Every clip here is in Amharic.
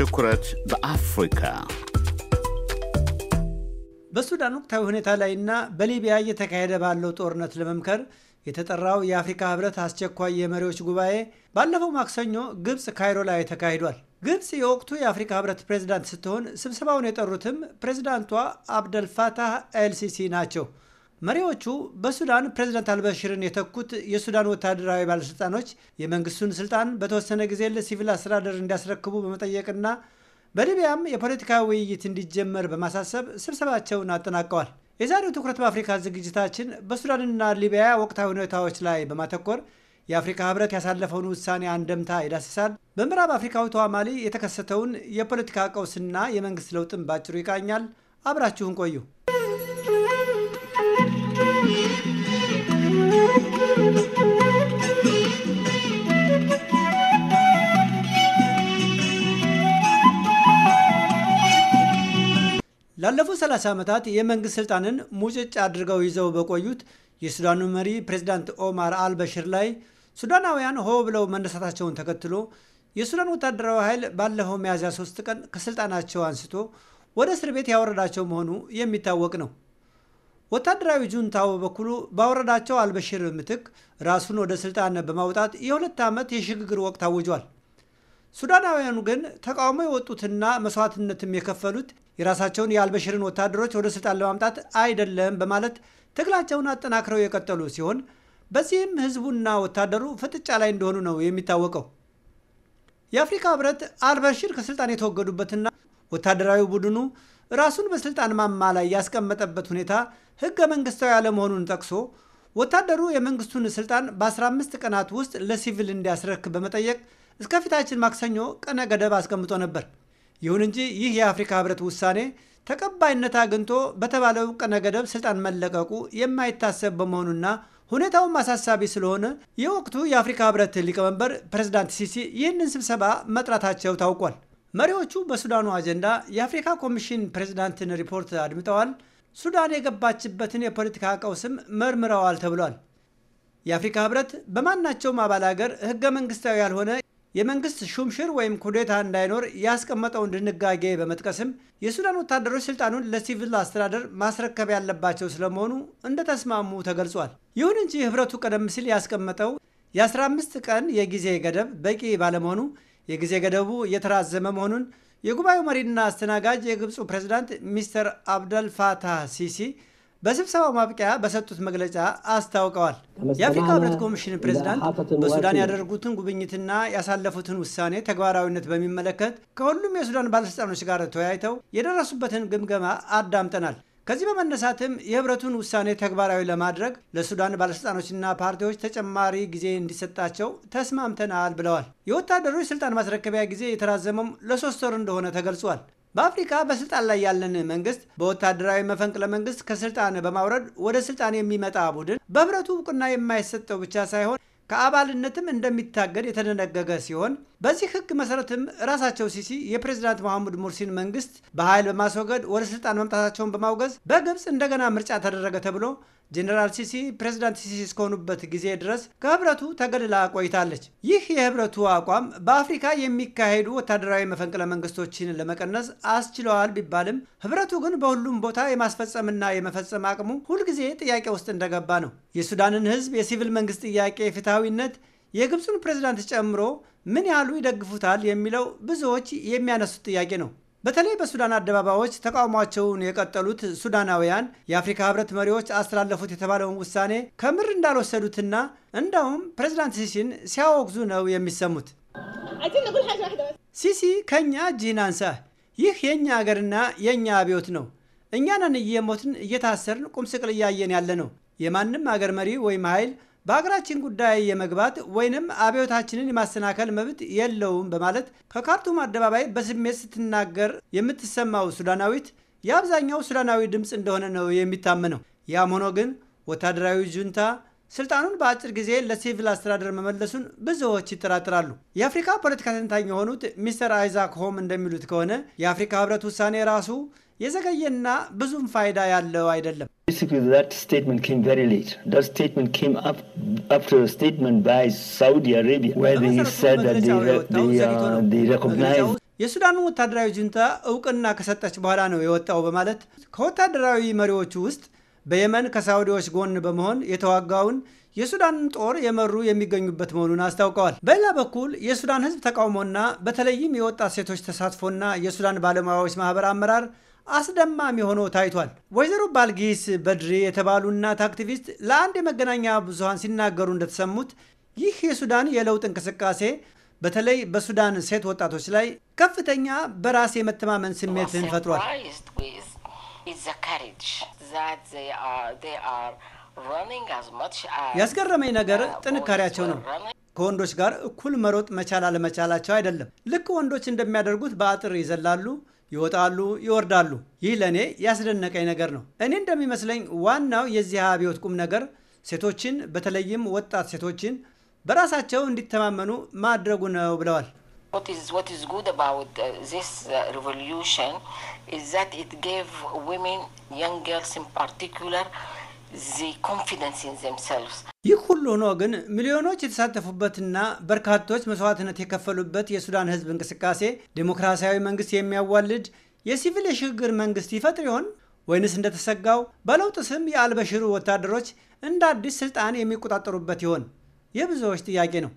ትኩረት በአፍሪካ በሱዳን ወቅታዊ ሁኔታ ላይና በሊቢያ እየተካሄደ ባለው ጦርነት ለመምከር የተጠራው የአፍሪካ ህብረት አስቸኳይ የመሪዎች ጉባኤ ባለፈው ማክሰኞ ግብፅ ካይሮ ላይ ተካሂዷል። ግብፅ የወቅቱ የአፍሪካ ህብረት ፕሬዝዳንት ስትሆን ስብሰባውን የጠሩትም ፕሬዝዳንቷ አብደልፋታህ ኤልሲሲ ናቸው። መሪዎቹ በሱዳን ፕሬዝዳንት አልበሽርን የተኩት የሱዳን ወታደራዊ ባለሥልጣኖች የመንግሥቱን ሥልጣን በተወሰነ ጊዜ ለሲቪል አስተዳደር እንዲያስረክቡ በመጠየቅና በሊቢያም የፖለቲካ ውይይት እንዲጀመር በማሳሰብ ስብሰባቸውን አጠናቀዋል። የዛሬው ትኩረት በአፍሪካ ዝግጅታችን በሱዳንና ሊቢያ ወቅታዊ ሁኔታዎች ላይ በማተኮር የአፍሪካ ህብረት ያሳለፈውን ውሳኔ አንደምታ ይዳስሳል። በምዕራብ አፍሪካዊቷ ማሊ የተከሰተውን የፖለቲካ ቀውስና የመንግስት ለውጥን ባጭሩ ይቃኛል። አብራችሁን ቆዩ። ላለፉት 30 ዓመታት የመንግስት ሥልጣንን ሙጭጭ አድርገው ይዘው በቆዩት የሱዳኑ መሪ ፕሬዚዳንት ኦማር አልበሽር ላይ ሱዳናውያን ሆ ብለው መነሳታቸውን ተከትሎ የሱዳን ወታደራዊ ኃይል ባለፈው ሚያዝያ 3 ቀን ከስልጣናቸው አንስቶ ወደ እስር ቤት ያወረዳቸው መሆኑ የሚታወቅ ነው። ወታደራዊ ጁንታው በበኩሉ ባወረዳቸው አልበሽር ምትክ ራሱን ወደ ስልጣን በማውጣት የሁለት ዓመት የሽግግር ወቅት አውጇል። ሱዳናውያኑ ግን ተቃውሞ የወጡትና መስዋዕትነትም የከፈሉት የራሳቸውን የአልበሽርን ወታደሮች ወደ ስልጣን ለማምጣት አይደለም በማለት ትግላቸውን አጠናክረው የቀጠሉ ሲሆን በዚህም ህዝቡና ወታደሩ ፍጥጫ ላይ እንደሆኑ ነው የሚታወቀው። የአፍሪካ ህብረት አልበሽር ከስልጣን የተወገዱበትና ወታደራዊ ቡድኑ ራሱን በስልጣን ማማ ላይ ያስቀመጠበት ሁኔታ ህገ መንግስታዊ አለመሆኑን ጠቅሶ ወታደሩ የመንግስቱን ስልጣን በ15 ቀናት ውስጥ ለሲቪል እንዲያስረክብ በመጠየቅ እስከፊታችን ማክሰኞ ቀነ ገደብ አስቀምጦ ነበር። ይሁን እንጂ ይህ የአፍሪካ ህብረት ውሳኔ ተቀባይነት አግኝቶ በተባለው ቀነ ገደብ ስልጣን መለቀቁ የማይታሰብ በመሆኑና ሁኔታውም አሳሳቢ ስለሆነ የወቅቱ የአፍሪካ ህብረት ሊቀመንበር ፕሬዚዳንት ሲሲ ይህንን ስብሰባ መጥራታቸው ታውቋል። መሪዎቹ በሱዳኑ አጀንዳ የአፍሪካ ኮሚሽን ፕሬዚዳንትን ሪፖርት አድምጠዋል። ሱዳን የገባችበትን የፖለቲካ ቀውስም መርምረዋል ተብሏል። የአፍሪካ ህብረት በማናቸውም አባል ሀገር ህገ መንግስታዊ ያልሆነ የመንግስት ሹምሽር ወይም ኩዴታ እንዳይኖር ያስቀመጠውን ድንጋጌ በመጥቀስም የሱዳን ወታደሮች ስልጣኑን ለሲቪል አስተዳደር ማስረከብ ያለባቸው ስለመሆኑ እንደተስማሙ ተገልጿል። ይሁን እንጂ ህብረቱ ቀደም ሲል ያስቀመጠው የ15 ቀን የጊዜ ገደብ በቂ ባለመሆኑ የጊዜ ገደቡ የተራዘመ መሆኑን የጉባኤው መሪና አስተናጋጅ የግብፁ ፕሬዝዳንት ሚስተር አብደል ፋታህ ሲሲ በስብሰባው ማብቂያ በሰጡት መግለጫ አስታውቀዋል። የአፍሪካ ህብረት ኮሚሽን ፕሬዚዳንት በሱዳን ያደረጉትን ጉብኝትና ያሳለፉትን ውሳኔ ተግባራዊነት በሚመለከት ከሁሉም የሱዳን ባለስልጣኖች ጋር ተወያይተው የደረሱበትን ግምገማ አዳምጠናል። ከዚህ በመነሳትም የህብረቱን ውሳኔ ተግባራዊ ለማድረግ ለሱዳን ባለሥልጣኖችና ፓርቲዎች ተጨማሪ ጊዜ እንዲሰጣቸው ተስማምተናል ብለዋል። የወታደሮች ስልጣን ማስረከቢያ ጊዜ የተራዘመም ለሶስት ወር እንደሆነ ተገልጿል። በአፍሪካ በስልጣን ላይ ያለን መንግስት በወታደራዊ መፈንቅለ መንግስት ከስልጣን በማውረድ ወደ ስልጣን የሚመጣ ቡድን በህብረቱ እውቅና የማይሰጠው ብቻ ሳይሆን ከአባልነትም እንደሚታገድ የተደነገገ ሲሆን በዚህ ህግ መሰረትም ራሳቸው ሲሲ የፕሬዚዳንት መሐሙድ ሙርሲን መንግስት በኃይል በማስወገድ ወደ ስልጣን መምጣታቸውን በማውገዝ በግብፅ እንደገና ምርጫ ተደረገ ተብሎ ጄኔራል ሲሲ ፕሬዝዳንት ሲሲ እስከሆኑበት ጊዜ ድረስ ከህብረቱ ተገልላ ቆይታለች። ይህ የህብረቱ አቋም በአፍሪካ የሚካሄዱ ወታደራዊ መፈንቅለ መንግስቶችን ለመቀነስ አስችለዋል ቢባልም ህብረቱ ግን በሁሉም ቦታ የማስፈጸምና የመፈጸም አቅሙ ሁልጊዜ ጥያቄ ውስጥ እንደገባ ነው። የሱዳንን ህዝብ የሲቪል መንግስት ጥያቄ ፍትሐዊነት የግብፁን ፕሬዝዳንት ጨምሮ ምን ያህሉ ይደግፉታል የሚለው ብዙዎች የሚያነሱት ጥያቄ ነው። በተለይ በሱዳን አደባባዮች ተቃውሟቸውን የቀጠሉት ሱዳናውያን የአፍሪካ ህብረት መሪዎች አስተላለፉት የተባለውን ውሳኔ ከምር እንዳልወሰዱትና እንዳውም ፕሬዚዳንት ሲሲን ሲያወግዙ ነው የሚሰሙት። ሲሲ ከእኛ እጅህን አንሳህ፣ ይህ የእኛ አገርና የእኛ አብዮት ነው። እኛንን እየሞትን እየታሰርን ቁምስቅል እያየን ያለ ነው። የማንም አገር መሪ ወይም ኃይል በሀገራችን ጉዳይ የመግባት ወይንም አብዮታችንን የማሰናከል መብት የለውም በማለት ከካርቱም አደባባይ በስሜት ስትናገር የምትሰማው ሱዳናዊት የአብዛኛው ሱዳናዊ ድምፅ እንደሆነ ነው የሚታመነው። ያም ሆኖ ግን ወታደራዊ ጁንታ ስልጣኑን በአጭር ጊዜ ለሲቪል አስተዳደር መመለሱን ብዙዎች ይጠራጥራሉ። የአፍሪካ ፖለቲካ ተንታኝ የሆኑት ሚስተር አይዛክ ሆም እንደሚሉት ከሆነ የአፍሪካ ህብረት ውሳኔ ራሱ የዘገየና ብዙም ፋይዳ ያለው አይደለም። uh, የሱዳኑ ወታደራዊ ጁንታ እውቅና ከሰጠች በኋላ ነው የወጣው በማለት ከወታደራዊ መሪዎቹ ውስጥ በየመን ከሳውዲዎች ጎን በመሆን የተዋጋውን የሱዳንን ጦር የመሩ የሚገኙበት መሆኑን አስታውቀዋል። በሌላ በኩል የሱዳን ሕዝብ ተቃውሞና በተለይም የወጣት ሴቶች ተሳትፎና የሱዳን ባለሙያዎች ማህበር አመራር አስደማሚ ሆኖ ታይቷል። ወይዘሮ ባልጊስ በድሪ የተባሉ እናት አክቲቪስት ለአንድ የመገናኛ ብዙሃን ሲናገሩ እንደተሰሙት ይህ የሱዳን የለውጥ እንቅስቃሴ በተለይ በሱዳን ሴት ወጣቶች ላይ ከፍተኛ በራስ የመተማመን ስሜትን ፈጥሯል። ያስገረመኝ ነገር ጥንካሬያቸው ነው። ከወንዶች ጋር እኩል መሮጥ መቻል አለመቻላቸው አይደለም። ልክ ወንዶች እንደሚያደርጉት በአጥር ይዘላሉ፣ ይወጣሉ፣ ይወርዳሉ። ይህ ለእኔ ያስደነቀኝ ነገር ነው። እኔ እንደሚመስለኝ ዋናው የዚህ አብዮት ቁም ነገር ሴቶችን በተለይም ወጣት ሴቶችን በራሳቸው እንዲተማመኑ ማድረጉ ነው ብለዋል። ሁሉ ሆኖ ግን ሚሊዮኖች የተሳተፉበትና በርካቶች መስዋዕትነት የከፈሉበት የሱዳን ህዝብ እንቅስቃሴ ዴሞክራሲያዊ መንግስት የሚያዋልድ የሲቪል የሽግግር መንግስት ይፈጥር ይሆን ወይንስ እንደተሰጋው በለውጥ ስም የአልበሽሩ ወታደሮች እንደ አዲስ ስልጣን የሚቆጣጠሩበት ይሆን? የብዙዎች ጥያቄ ነው።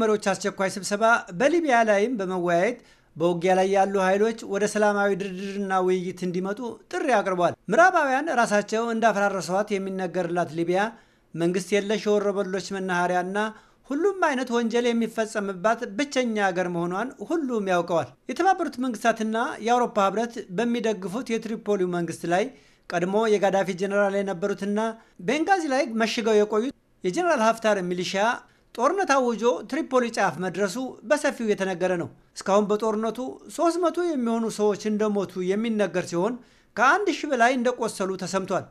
መሪዎች አስቸኳይ ስብሰባ በሊቢያ ላይም በመወያየት በውጊያ ላይ ያሉ ኃይሎች ወደ ሰላማዊ ድርድርና ውይይት እንዲመጡ ጥሪ አቅርቧል። ምዕራባውያን ራሳቸው እንዳፈራረሰዋት የሚነገርላት ሊቢያ መንግስት የለሽ የወሮበሎች መናኸሪያና ሁሉም አይነት ወንጀል የሚፈጸምባት ብቸኛ ሀገር መሆኗን ሁሉም ያውቀዋል። የተባበሩት መንግስታትና የአውሮፓ ህብረት በሚደግፉት የትሪፖሊው መንግስት ላይ ቀድሞ የጋዳፊ ጀኔራል የነበሩትና ቤንጋዚ ላይ መሽገው የቆዩት የጀኔራል ሀፍታር ሚሊሺያ ጦርነት አውጆ ትሪፖሊ ጫፍ መድረሱ በሰፊው የተነገረ ነው። እስካሁን በጦርነቱ 300 የሚሆኑ ሰዎች እንደሞቱ የሚነገር ሲሆን ከአንድ ሺህ በላይ እንደቆሰሉ ተሰምቷል።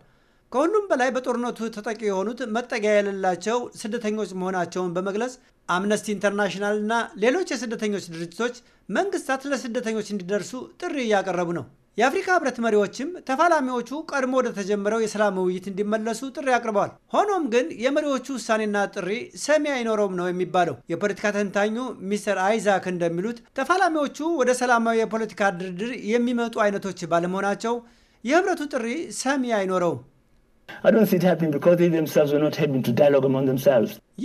ከሁሉም በላይ በጦርነቱ ተጠቂ የሆኑት መጠጊያ የሌላቸው ስደተኞች መሆናቸውን በመግለጽ አምነስቲ ኢንተርናሽናል እና ሌሎች የስደተኞች ድርጅቶች መንግስታት ለስደተኞች እንዲደርሱ ጥሪ እያቀረቡ ነው። የአፍሪካ ህብረት መሪዎችም ተፋላሚዎቹ ቀድሞ ወደ ተጀመረው የሰላም ውይይት እንዲመለሱ ጥሪ አቅርበዋል። ሆኖም ግን የመሪዎቹ ውሳኔና ጥሪ ሰሚ አይኖረውም ነው የሚባለው። የፖለቲካ ተንታኙ ሚስተር አይዛክ እንደሚሉት ተፋላሚዎቹ ወደ ሰላማዊ የፖለቲካ ድርድር የሚመጡ አይነቶች ባለመሆናቸው የህብረቱ ጥሪ ሰሚ አይኖረውም።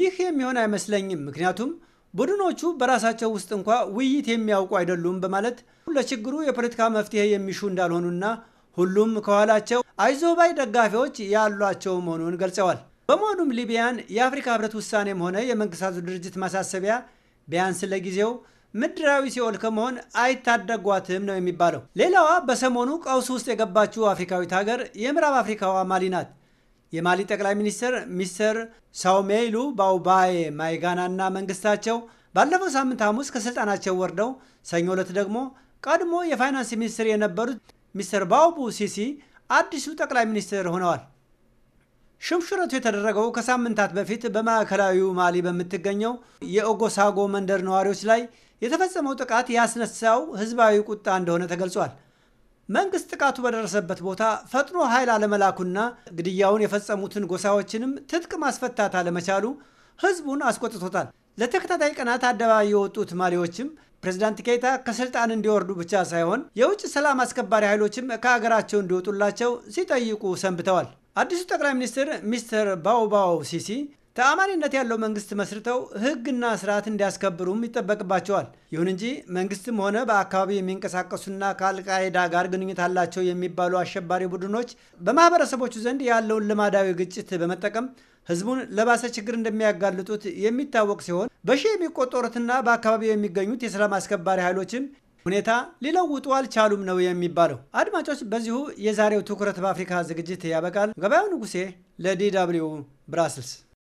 ይህ የሚሆን አይመስለኝም። ምክንያቱም ቡድኖቹ በራሳቸው ውስጥ እንኳ ውይይት የሚያውቁ አይደሉም በማለት ለችግሩ የፖለቲካ መፍትሄ የሚሹ እንዳልሆኑና ሁሉም ከኋላቸው አይዞባይ ደጋፊዎች ያሏቸው መሆኑን ገልጸዋል። በመሆኑም ሊቢያን የአፍሪካ ሕብረት ውሳኔም ሆነ የመንግስታቱ ድርጅት ማሳሰቢያ ቢያንስ ለጊዜው ምድራዊ ሲኦል ከመሆን አይታደጓትም ነው የሚባለው። ሌላዋ በሰሞኑ ቀውስ ውስጥ የገባችው አፍሪካዊት ሀገር የምዕራብ አፍሪካዋ ማሊ ናት። የማሊ ጠቅላይ ሚኒስትር ሚስተር ሳውሜይሉ ባውባዬ ማይጋናና መንግስታቸው ባለፈው ሳምንት ሐሙስ ከስልጣናቸው ወርደው ሰኞ ዕለት ደግሞ ቀድሞ የፋይናንስ ሚኒስትር የነበሩት ሚስተር ባውቡ ሲሲ አዲሱ ጠቅላይ ሚኒስትር ሆነዋል። ሽምሽረቱ የተደረገው ከሳምንታት በፊት በማዕከላዊው ማሊ በምትገኘው የኦጎሳጎ መንደር ነዋሪዎች ላይ የተፈጸመው ጥቃት ያስነሳው ህዝባዊ ቁጣ እንደሆነ ተገልጿል። መንግስት ጥቃቱ በደረሰበት ቦታ ፈጥኖ ኃይል አለመላኩና ግድያውን የፈጸሙትን ጎሳዎችንም ትጥቅ ማስፈታት አለመቻሉ ህዝቡን አስቆጥቶታል። ለተከታታይ ቀናት አደባባይ የወጡት ማሊዎችም ፕሬዚዳንት ኬታ ከስልጣን እንዲወርዱ ብቻ ሳይሆን የውጭ ሰላም አስከባሪ ኃይሎችም ከሀገራቸው እንዲወጡላቸው ሲጠይቁ ሰንብተዋል። አዲሱ ጠቅላይ ሚኒስትር ሚስተር ባውባው ሲሲ ተአማኒነት ያለው መንግስት መስርተው ህግና ስርዓት እንዲያስከብሩም ይጠበቅባቸዋል። ይሁን እንጂ መንግስትም ሆነ በአካባቢ የሚንቀሳቀሱና ከአልቃይዳ ጋር ግንኙነት አላቸው የሚባሉ አሸባሪ ቡድኖች በማህበረሰቦቹ ዘንድ ያለውን ልማዳዊ ግጭት በመጠቀም ህዝቡን ለባሰ ችግር እንደሚያጋልጡት የሚታወቅ ሲሆን በሺ የሚቆጠሩትና በአካባቢው የሚገኙት የሰላም አስከባሪ ኃይሎችም ሁኔታ ሊለውጡ አልቻሉም ነው የሚባለው። አድማጮች፣ በዚሁ የዛሬው ትኩረት በአፍሪካ ዝግጅት ያበቃል። ገበያው ንጉሴ ለዲ ደብልዩ ብራስልስ